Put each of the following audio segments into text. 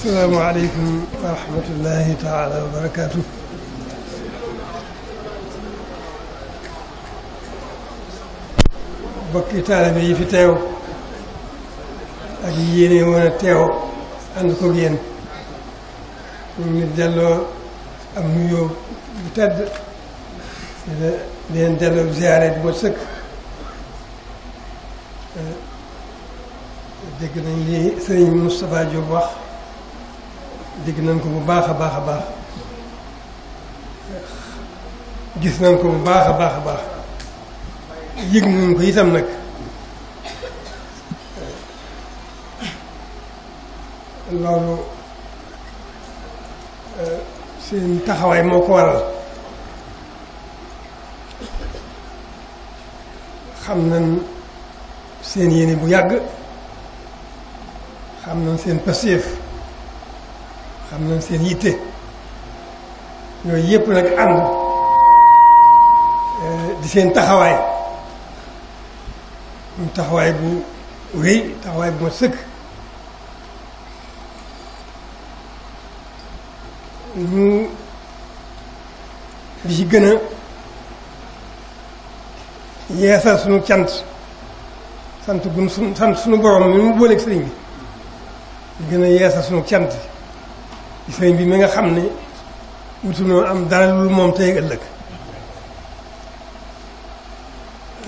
asalaamaaleykum wa rahmatullahi taala wa barakaatu. bokki taalibe yi fi teew ak yéene woon a teew ànd ko yéen ñu ngi delloo am nuyoo bu tedd di leen delloo ziare bu ma sëkk dégg nañ li sëriñ Moustapha Diop wax. dégg nañ ko bu baax a baax a baax gis nañ ko bu baax a baax a baax yëg nañ ko itam nag loolu euh, seen taxawaay moo ko waral xam nañ seen yéene bu yàgg xam nañ seen pastéef xam nañ seen yitte yooyu yëpp nag ànd eh, di seen taxawaay mu taxawaay bu rëy taxawaay bu ma sëkk ñu di ci gën a yeesal sunu cant sant gun sun sant sunu borom mi mu booleeg sëriñ bi di gën a yeesal sunu cant ci bi mi nga xam ni wutunoo am dara lu moom tey ëllëg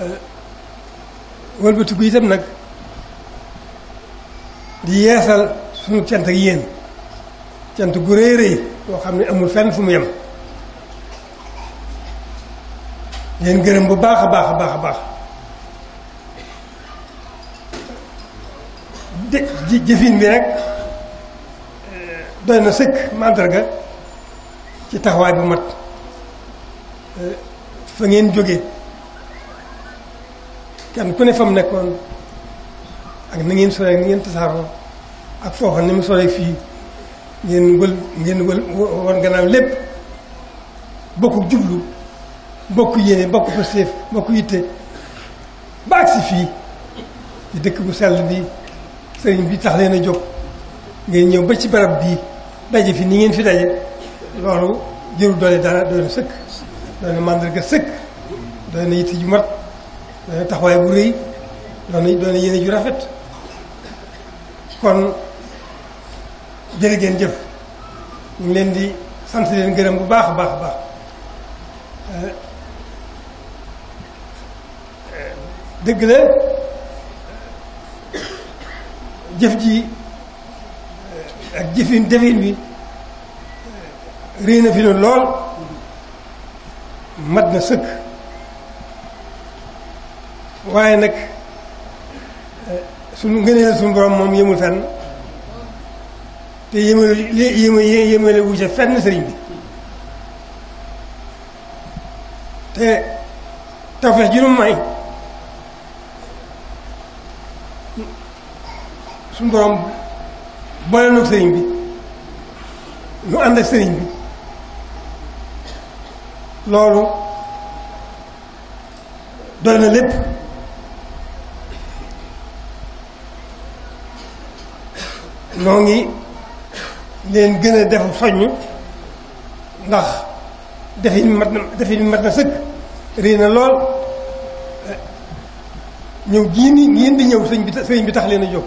eh, wëlbatiku itam nag di yeesal suñu cent ak yéen cent gu rëy rëy yoo xam ne amul fenn fu mu yem leen gërëm bu baax a baax a baax a baax de jëfin bi rek doy na sëkk màndarga ci taxawaay bu mat eh, fa ngeen jóge kenn ku ne fa mu nekkoon ak na ngeen soree ni ngeen tasaaroo ak foofa ni mu soree fii ngeen wël ngeen wël woon gannaaw lépp bokku jublu bokku yéene bokku fa séef bokku yitte ba agsi fii ci dëkk bu sell bi sëriñ bi tax leen jóg ngeen ñëw ba ci barab bii daje fi ni ngeen fi daje loolu jëru doole dara doy na sëkk doy na màndarga sëkk doy na yitte ju mat doy na taxawaay bu rëy doy na doy ju rafet kon jërë ngeen jëf ñu ngi leen di sant leen gërëm bu baax a baax a baax dëgg la jëf ji ak jëfin defin bi réy na fi nu lool mat na sëkk waaye nag su ngëneel suñu borom moom yëmul fenn te yëmale yëma yëmale wu ca fenn sëriñ bi te tawfeex ju may suñu borom boole noog sëriñ bi nu ànd ak sëriñ bi loolu doy na lépp noo ngi leen gën a def soññ ndax defin mat na defin mat na sëkk réy na lool ñëw gii nii ngeen di ñëw sëñ bi sëriñ bi tax leen a jóg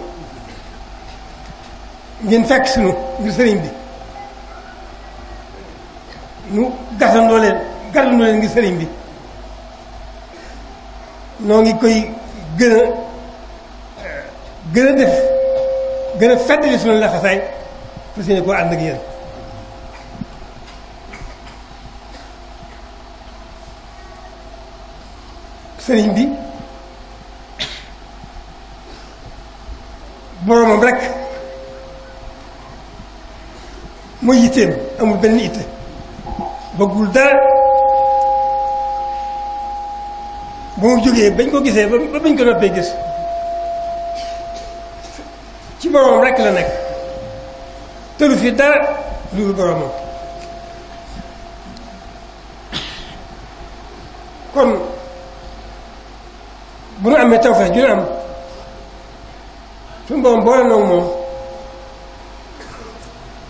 ngeen fekk sunu ngir sëriñ bi nu gasandoo leen garlandoo leen ngir sëriñ bi noo ngi koy gën a gën a def gën a feddali sunu laxasaay fas yéene koo ànd ak yéen sëriñ bi boromam rek mooy yitteem amul benn itte bëggul dara ba mu jógee bañ ko gisee ba bañ ko noppee gis ci boroomam rekk la nekk tëlu fi dara lu boroomam kon bu nu amee tawfeex ju nu am suñu boroom boole nag moom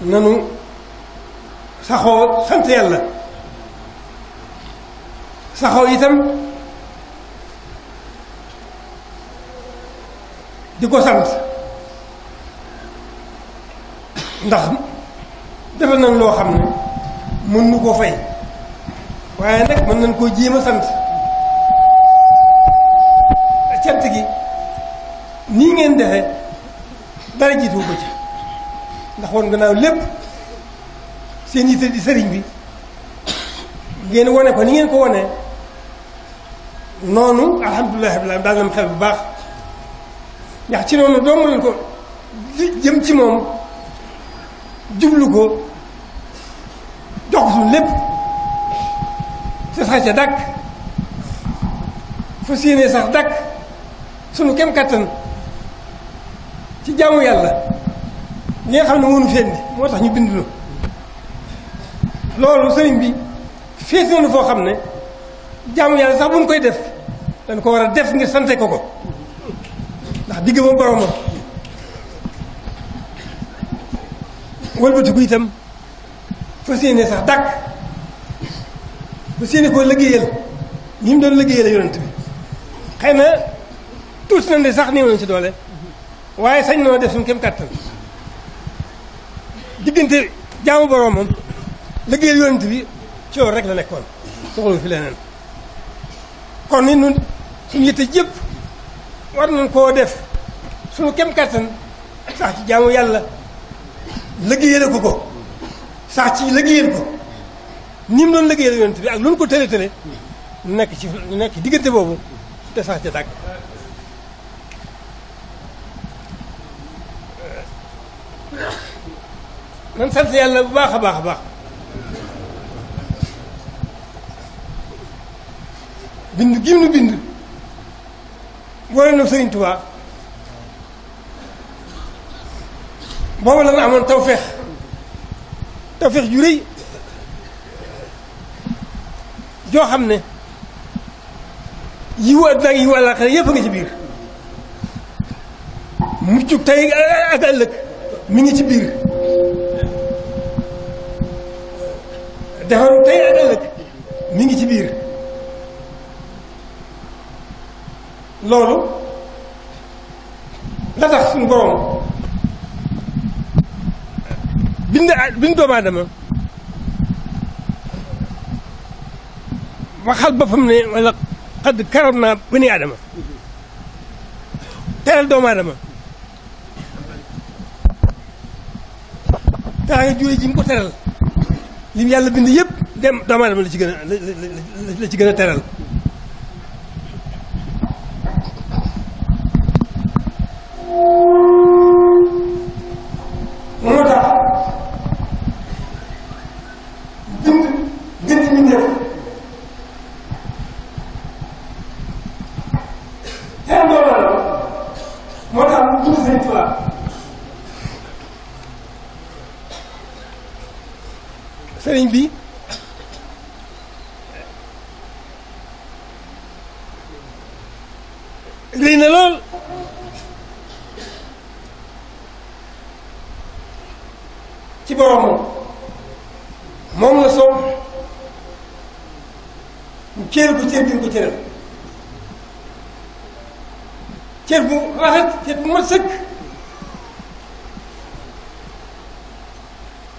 nanu saxoo sant yàlla saxoo itam di ko sant ndax defal nañ loo xam ne mën nu koo fay waaye nag mën nañ koo jéem a sant cant gi nii ngeen defee dara jiitu ko ci ndax woon gannaaw lépp seen yitte di sëriñ bi ngeen wone ko ni ngeen ko wone noonu alhamdulilah rabbil daal na mu xel bu baax ndax ci noonu doomu leen ko jëm ci moom jublu ko jox ko suñu lépp sa sax ca dàkk fas yéene sax dàkk sunu kem kattan ci jaamu yàlla li nga xam ne moonu fenn moo tax ñu bind loolu sëriñ bi féete nañu foo xam ne jaamu yàlla sax bu ñu koy def dañ ko war a def ngir sante ko ko ndax digg ba boromam wëlbatiku itam fas yéene sax dàkk fas yéene koo liggéeyal ni mu doon liggéeyal yonent bi xëy na tuuti nañ de sax néew nañ si doole waaye sañ noo def suñu kéem kàttan diggante jaamu boromam liggéeyal yonent bi ci loolu rek la nekkoon soxla fi leneen kon ni nun suñu yitte jëpp war nañ koo def suñu kem kàttan sax ci jaamu yàlla liggéeyal ko ko sax ci ko ni mu doon liggéeyal yonent bi ak lu ko tële tële nekk ci nekk diggante boobu te sax ca bu baax a baax a baax bind gim nu bind boole na sëriñ Tuubaa boobu la na amoon tawféex tawféex ju joo xam ne yiwu àdduna ak yiwu àllaaxira yëpp a ngi ci biir muccug tey ak ëllëg mi ngi ci biir defaru tey ak ëllëg mi ngi ci biir loolu la tax suñu borom bind bind doomu aadama waxal boppam ne wala xadd karam naa bani aadama teral doomu aadama teral nga jóge ji ko teral lim yàlla bind yëpp dem doomu aadama la ci gën a la ci gën a teral sëriñ bi rëy na lool ci boromam moom la soog mu cër bu cër bi nga ko cëral bu rafet cër bu mat sëkk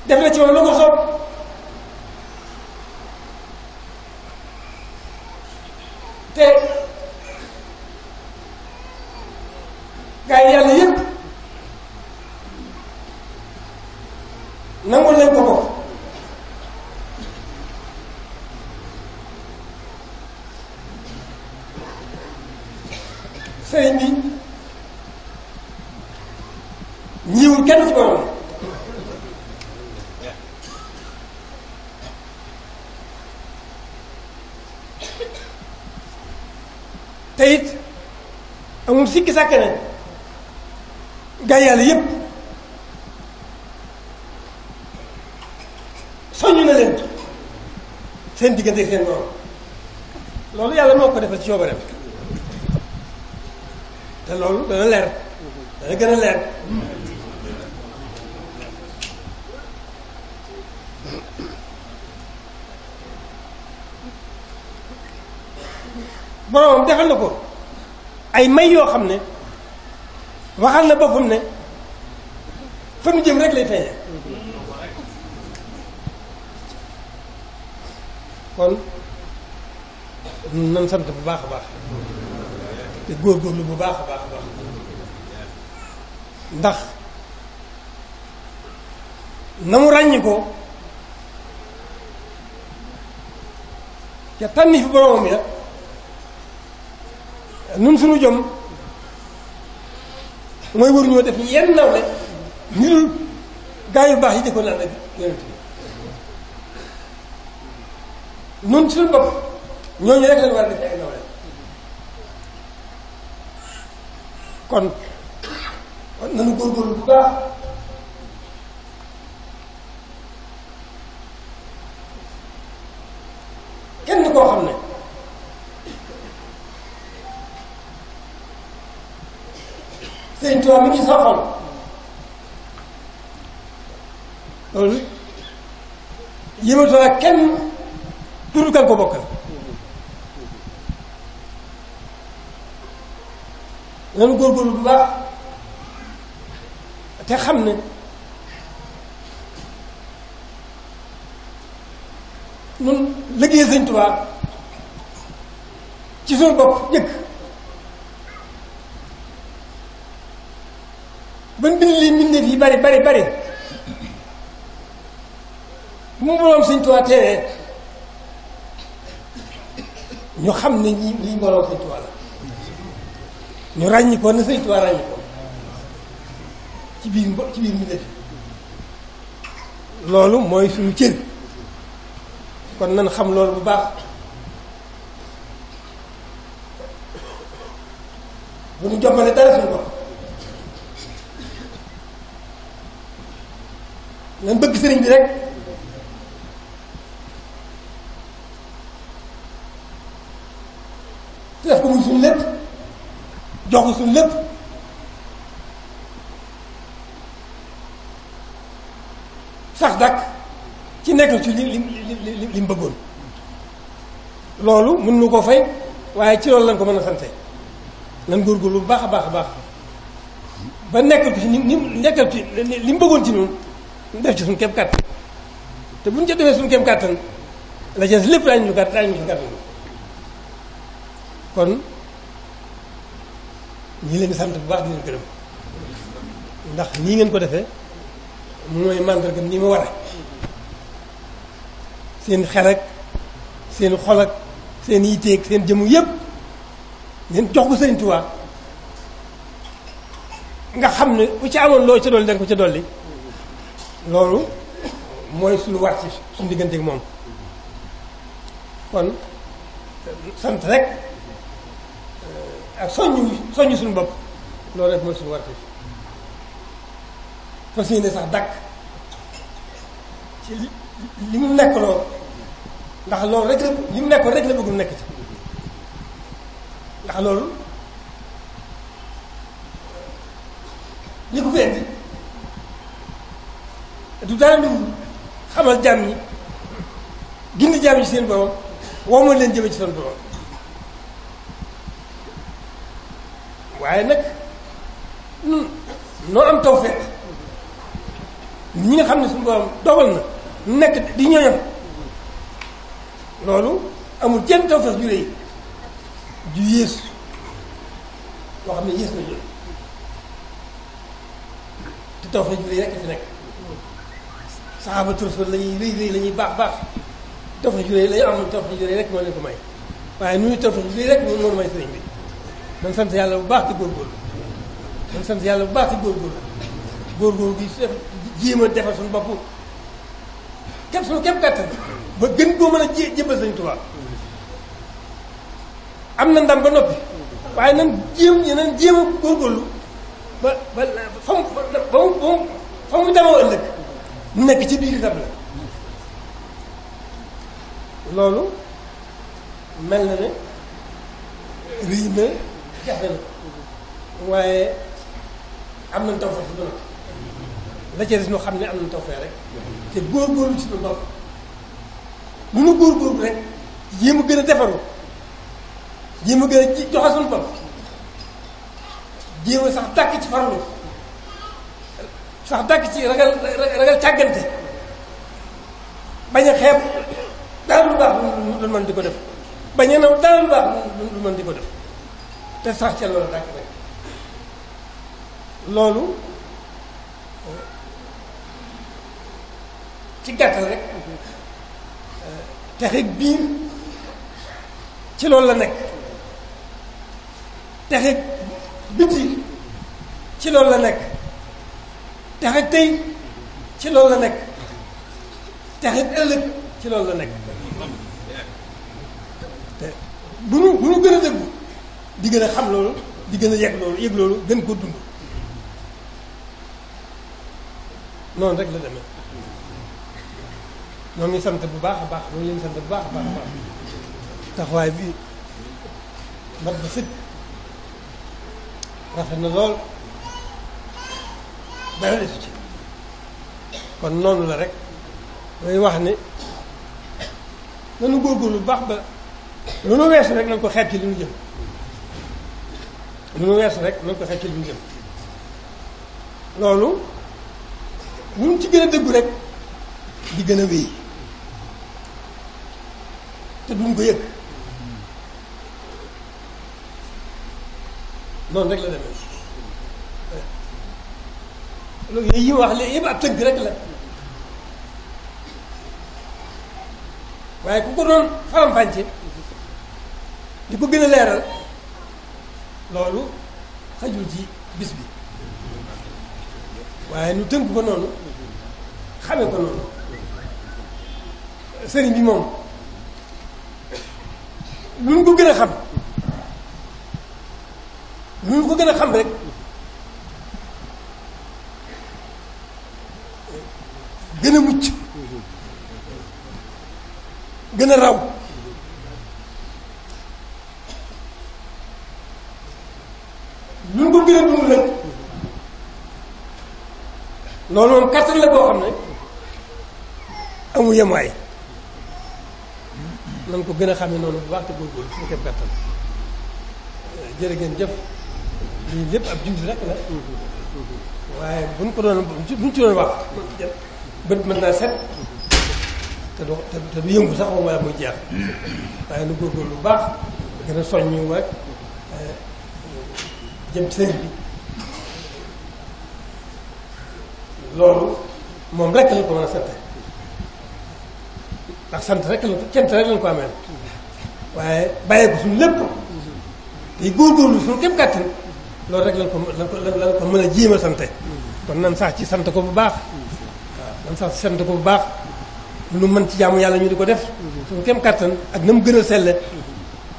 def na ci moom la ko te gaa yi yàlla yëpp sikki sàkk nañ gaa yàlla yépp soññ na leen seen diggante seen borom loolu yàlla moo ko defal ci coobareem te loolu dana leer dana gën a leer boroomam defal na ko ay may yoo xam ne waxal na boppam ne fa jëm rek lay feeñee kon nan sant bu baax a baax te góorgóorlu bu baax a baax baax ndax na mu ràññi ko ca tànni fi boromam ya nun suñu jom mooy waruñoo def ni yenn nawle ñu dul yu baax yi jëkkoon ànd ak bi nun suñu bopp ñooñu rek lañ war a def ay nawle kon kon nanu góorgóorlu bu baax sëñ Tuubaa mi ngi sa xol loolu yëmatoo ak kenn duru kan ko bokkal nanu góorgóorlu bu baax te xam ne nun liggéey sëñ Tuubaa ci suñu bopp jëkk yi bari bari bari bu mu boroom Sëñ Tuubaa teeree ñu xam ne ñi lii boroom Sëñ Tuubaa la ñu ràññi ko na Sëñ Tuubaa ràññi ko ci biir mbo ci loolu mooy suñu cër kon nan xam loolu bu baax bu ñu jombale dara suñu bopp nan bëgg sëriñ bi rek te def ko muy suñu lépp jox ko suñu lépp sax dakk ci nekkal ci li li li li mu bëggoon loolu mën nu koo fay waaye ci loolu lañ ko mën a sante nan góorgóorlu bu baax a baax a baax ba nekkal ci ni ni nekkal ci li mu bëggoon ci noonu ñu def ci suñu kepp kàttan te bu ñu ca defee suñu kéem kàttan la jeex lépp daañu lu gàtt daañu lu gàttal kon ñi leen di sant bu baax di leen gërëm ndax nii ngeen ko defee mooy màndargam ni mu war a seen xel ak seen xol ak seen yiteeg seen jëmu yépp ngeen jox ko Sëriñ Tuubaa nga xam ne ku ci amoon loo ci dolli da ko ca dolli loolu mooy suñu war ci suñu digganteeg moom kon sant rek ak soññu soññu suñu bopp loolu rek mooy suñu war ci fas yéene sax dàkk ci li li mu nekk loolu ndax loolu rek li mu nekkoon rek la bëgg nekk ci ndax loolu li ko fi indi daanduwul xamal jàmm ñi gindi jàmm ñi seen borom woo ma leen jëme ci seen borom waaye nag nun noo am tawfeex ñi nga xam ne suñu borom dogal na nekk di ñooñam loolu amul jenn tawfeex ju réy ju yéesu loo xam ne yées na jël te tawfeex rekk saxaabatu rasul lañuy rëy rëy la ñuy baax baax tawfeex ju rëy lay am tawfeex ju rëy rek moo leen ko may waaye nuyu tawfeex ju rëy rek moo may sëriñ bi man sant yàlla bu baax di góorgóorlu man sant yàlla bu baax di góorgóorlu gi def jéem a defal suñu bopp képp suñu képp kattan ba gën koo mën a jé jëmbal sëriñ Tuubaa am na ndam ba noppi waaye nan jéem nan jéem a góorgóorlu ba ba fa mu ba ëllëg mu nekk ci biir itam loolu mel na ne rëy na jafe na waaye am nañ taw fexe duna la ca des ñu xam ne am nañ taw fexe rek te góorgóorlu ci lu ndox lu nu góorgóorlu rek jéem gën a defaru jéem a gën a joxe suñu bopp jéem a sax tàkk ci farlu sax dàkk ci ragal ragal càggante bañ a xeeb dara lu baax lu mën di ko def bañ a naw dara lu baax lu mën di ko def te sax ca loolu dàkk rek loolu eh, ci gàttal rek texe biir ci loolu la nekk texe biti ci loolu la nekk texeeg tey ci loolu la nekk texeeg ëllëg ci loolu la nekk te bu nu bu nu gën a dëggu di gën a xam loolu di gën a yegg loolu yëg loolu gën ko dund noonu rek la demee ñoo ngi sant bu baax baax ñoo ngi leen bu baax a baax baax taxawaay bi mat ba sëg rafet na lool dara desu ci kon noonu la rek mooy wax ni nanu góorgóorlu bu baax ba lu nu weesu rek nañ ko xeeb ci li nu jëm lu nu weesu rek nañ ko xeeb ci jëm loolu ñun ci gën a dëggu rek di gën a wéy te duñ ko yëg noonu rek la demee loolu yooyu yi wax léegi yëpp ab tëgg rek la waaye ku ko doon faram di ko gën a leeral loolu xajul ci bis bi waaye nu tënk ko noonu xame ko noonu sëriñ bi moom lu nu ko gën a xam lu nu ko gën a xam rek gën a raw luñ ko gën a dund lañ loolu moom kattan la boo xam ne amu ay nañ ko gën a xamee noonu bu baax te góorgóorlu suñu képp kattan jërë ngeen jëf lii lépp ab junj rek la waaye buñ ko doon buñ ci doon wax bët mën naa set te du te du yëngu sax moom la muy jeex waaye nu góorgóorlu bu baax gën a soññu rek eh, jëm ci sëriñ loolu moom rek la ko mën a sant ndax sant rek la cant rek lañ ko amee waaye bàyyee ko suñu lépp te góorgóorlu suñu képp kàttan loolu rek lañ ko lañ ko mën a jiima sante kon nan sax ci sant ko bu baax waaw nan sax ci sant ko bu baax lu nu mën ci jaamu yàlla ñu di ko def suñu kem kattan ak na mu gën a selle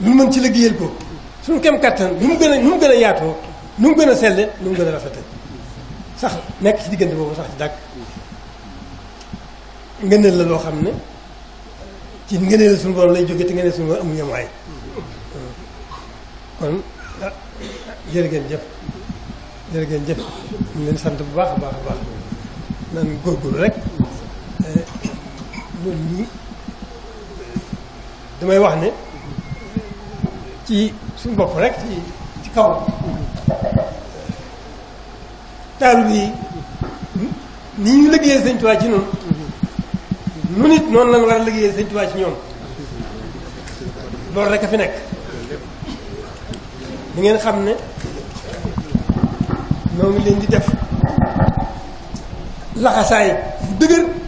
lu nu mën ci liggéeyal ko suñu kem kattan nu mu gën a nu mu gën a yaatoo nu mu gën selle nu mu gën a sax nekk ci diggante boobu sax ci dàkk ngëneel la loo xam ne ci ngëneel suñu borom lay jóge te ngëneel suñu borom amul yemaay kon jërë ngeen jëf jërë ngeen jëf ñu leen sant bu baax a baax a baax góor góorgóorlu rek damay wax ne ci suñ bopp rek ci ci kaw taalib yi ni ñu liggéeyee Sëñ Tuubaa ci noonu mu nit noonu lañu war a liggéeyee Sëñ Tuubaa ci ñoom loolu rek a fi nekk da ngeen xam ne noo ngi leen di def laxasaay bu dëgër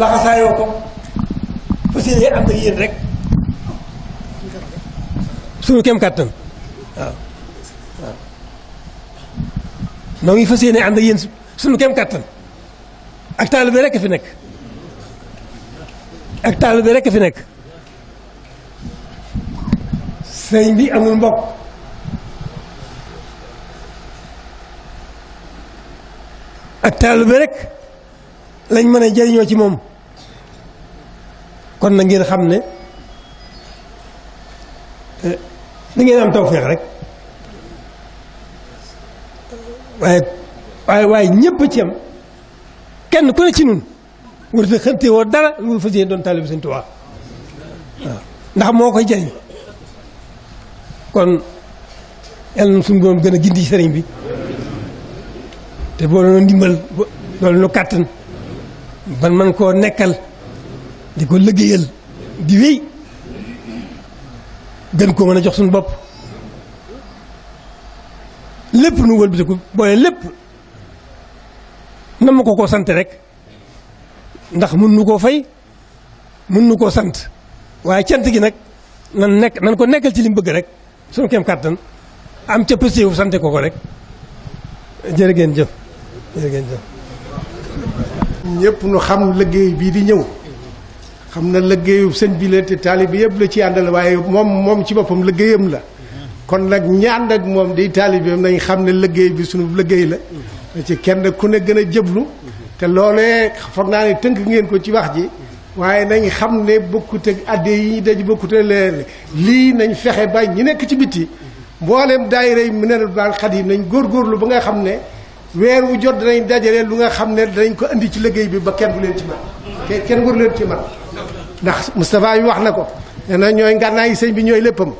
laxasaayoo ko fas yéene am ak yéen rek suñu kem kàttan waaw waaw noo ngi fas yéene ànd ak yéen suñu kem kàttan ak taalibe rekk fi nekk ak taalibe rekk fi nekk sëñ bi amul mbokk ak taalibe rekk lañ mën a jëriñoo ci moom kon na ngeen xam ne eh, da ngeen am tawfeex rek waaye waaye waaye ñëpp ci am kenn ku ne ci nun warut xënte woo dara lu fas doon taalibu Sëñ Tuubaa waaw ndax moo koy jëriñ kon yàlla na suñu borom gën a gindi ci sëriñ bi te boo doon dimbal loolu nu kàttan ban man koo nekkal di ko liggéeyal di wéy gën koo mën jox suñu bopp lépp nu wëlbatiku boole lépp na ma ko koo sante rek ndax mun nu koo fay mun nu koo sant waaye cant gi nag nan nekk nan koo nekkal ci li mu bëgg rek suñu kem kàttan am ca pëstéewu sante ko ko rek jër ngeen jëf jëf ñëpp nu xam liggéey bii di ñëw xam na liggéeyu seen bi la te taalibe yëpp la ci àndal waaye moom moom ci boppam liggéeyam la kon nag ñi ànd ak moom di taalibeem nañ xam ne liggéey bi sunu liggéey la ci kenn ku ne gën a jëblu te loolee foog naa ne tënk ngeen ko ci wax ji waaye nañ xam ne bokkut ak adde yi daj bokkut lee leen lii nañ fexe ba ñi nekk ci biti mbooleem daayira yi mu ne daal xadim nañ góorgóorlu ba nga xam ne weer wu jot danañ dajale lu nga xam ne danañ ko indi ci liggéey bi ba kenn du leen ci man kenn waru leen ci man ndax Moustapha bi wax na ko nee na ñooy ngànnaay sëñ bi ñooy léppam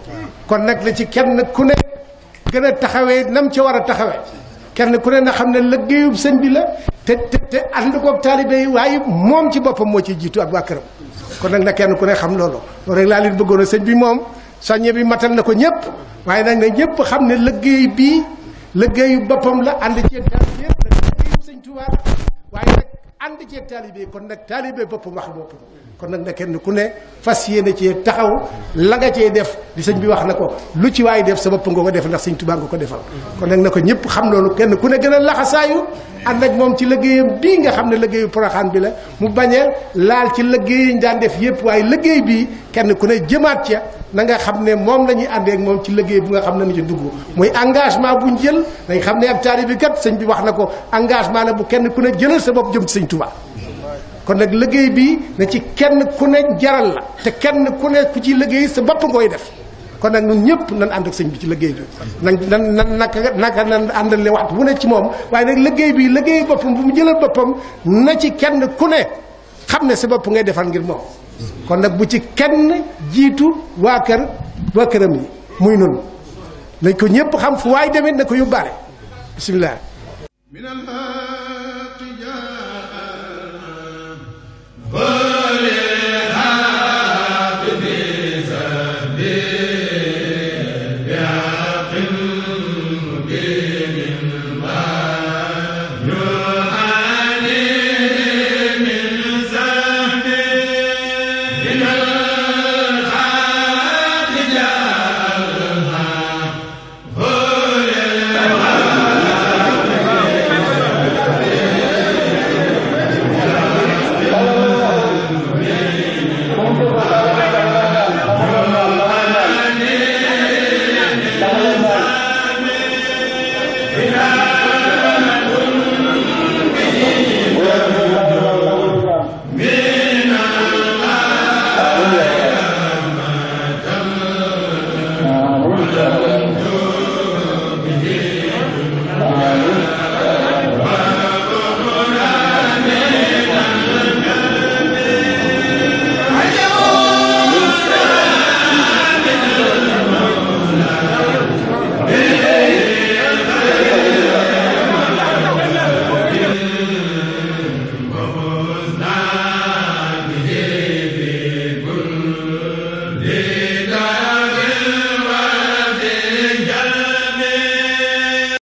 kon nag la ci kenn ku ne gën a taxawee nam ca war a taxawee kenn ku ne na xam ne liggéeyub sëñ bi la te te te ànd koog taalibe yi waaye moom ci boppam moo ciy jiitu ak waa këram kon nag na kenn ku ne xam loolu loolu rek laa leen bëggoon sëñ bi moom soññe bi matal na ko ñëpp waaye nag na ñëpp xam ne liggéey bii liggéeyu boppam la ànd ci taalibe nag liggéeyu sëñ Tuubaa waaye nag ànd ci taalibe kon nag taalibe boppam wax boppam kon nag na kenn ku ne fas yéene cee taxaw la cee def di sëñ bi wax na ko lu ci waay def sama bopp nga def ndax sëñ Tuubaa nga ko defal kon nag na ko ñëpp xam loolu kenn ku ne gën a laxasaayu ànd ak moom ci liggéeyam bii nga xam ne liggéeyu Poroxaan bi la mu bañ laal ci liggéey yi daan def yëpp waaye liggéey bii kenn ku ne jëmaat ca na nga xam ne moom la ñuy moom ci liggéey bu nga xam ne nu ci dugg muy engagement buñ jël dañ xam ne ab taali bi kat sëñ bi wax na ko engagement la bu kenn ku ne jëlal sa bopp jëm ci sëñ Tuubaa kon nag liggéey bi na ci kenn ku ne jaral la te kenn ku ne ku ci liggéey sa bopp ngooy def kon nag ñun ñëpp nan ànd ak sëñ bi ci liggéey bi nan nan nan naka naka nan àndale waxtu wu ne ci moom waaye nag liggéey bi liggéey boppam bu mu jëlal boppam na ci kenn ku ne xam ne sa bopp ngay defal ngir moom kon nag bu ci kenn jiitu waa kër waa këram yi muy noonu lañ ko ñëpp xam fu waay demee na ko yóbbaale bisimilah. ila